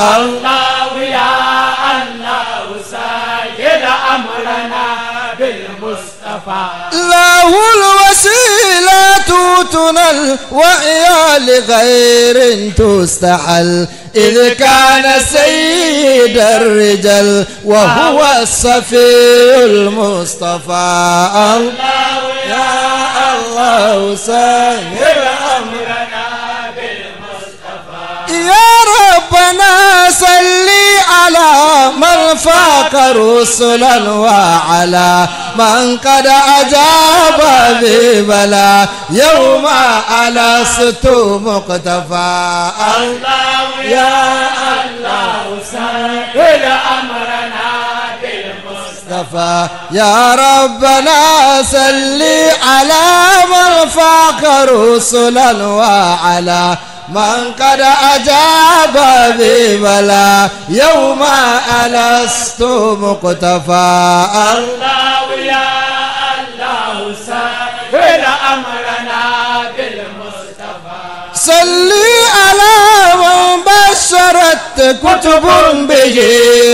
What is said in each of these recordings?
الله يا الله سيد أمرنا بالمصطفى له الوسيلة تنل وإيا لغير تستحل إذ كان سيد الرجال وهو الصفي المصطفى الله يا الله سهل أمرنا بالمصطفى يا من فاق رسلا وعلى من قد أجاب ببلا يوم ألست مقتفى الله يا الله سهل أمرنا بالمصطفى يا ربنا سلي على من فاق رسلا وعلى من قد أجاب بلا يوم ألست مقتفى الله يا الله سهل أمرنا بالمصطفى صلي على من بشرت كتب به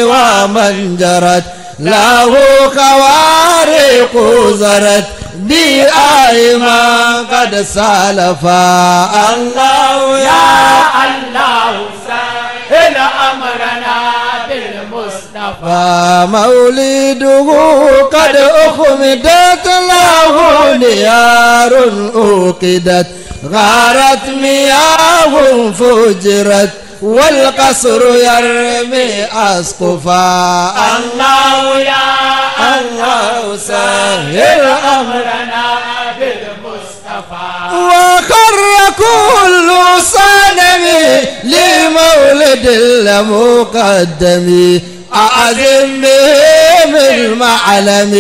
ومن جرت لاغو خوارق زرت دي آئما قد سالفا الله يا الله سهل أمرنا بالمصطفى مولده قد أخمدت له نيار أوقدت غارت مياه فجرت والقصر يرمي أسقفا الله يا الله سهل أمرنا بالمصطفى وخر كل صنم لمولد المقدم اعزم بهم المعلم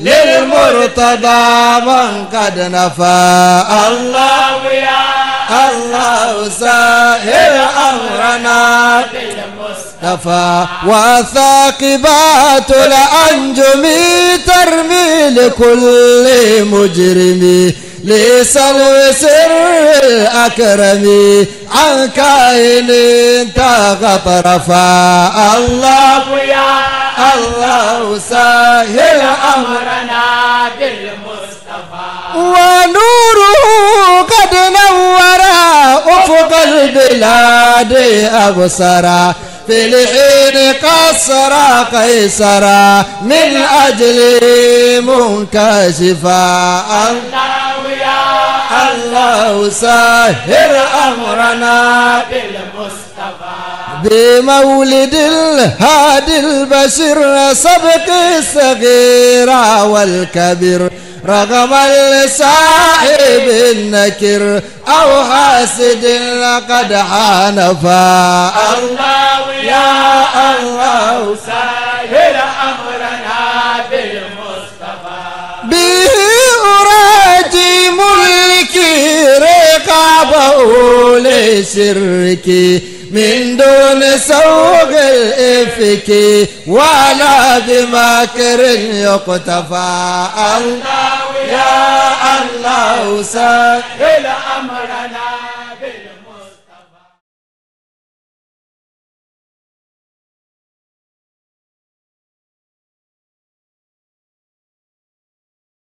للمرتضى من قد نفى الله يا الله سهل غرنا بالمصطفى وثاقبات الأنجم ترمي لكل مجرم لسلو سر الأكرم عن كائن تغطر الله يا الله سهل أمرنا بالمصطفى البلاد أبصرا في الحين قصر قيصرا من أجل منكشفا الله يا الله ساهر أمرنا بالمصطفى بمولد الهادي البشر سبق الصغير والكبير رغم لصاحب النكر أو حاسد لقد حانفا الله يا الله سهل أمرنا بالمصطفى به أراجي ملكي رقابه لشركي من دون سوغ الإفك ولا بمكر يقتفى الله يا الله سهل أمرنا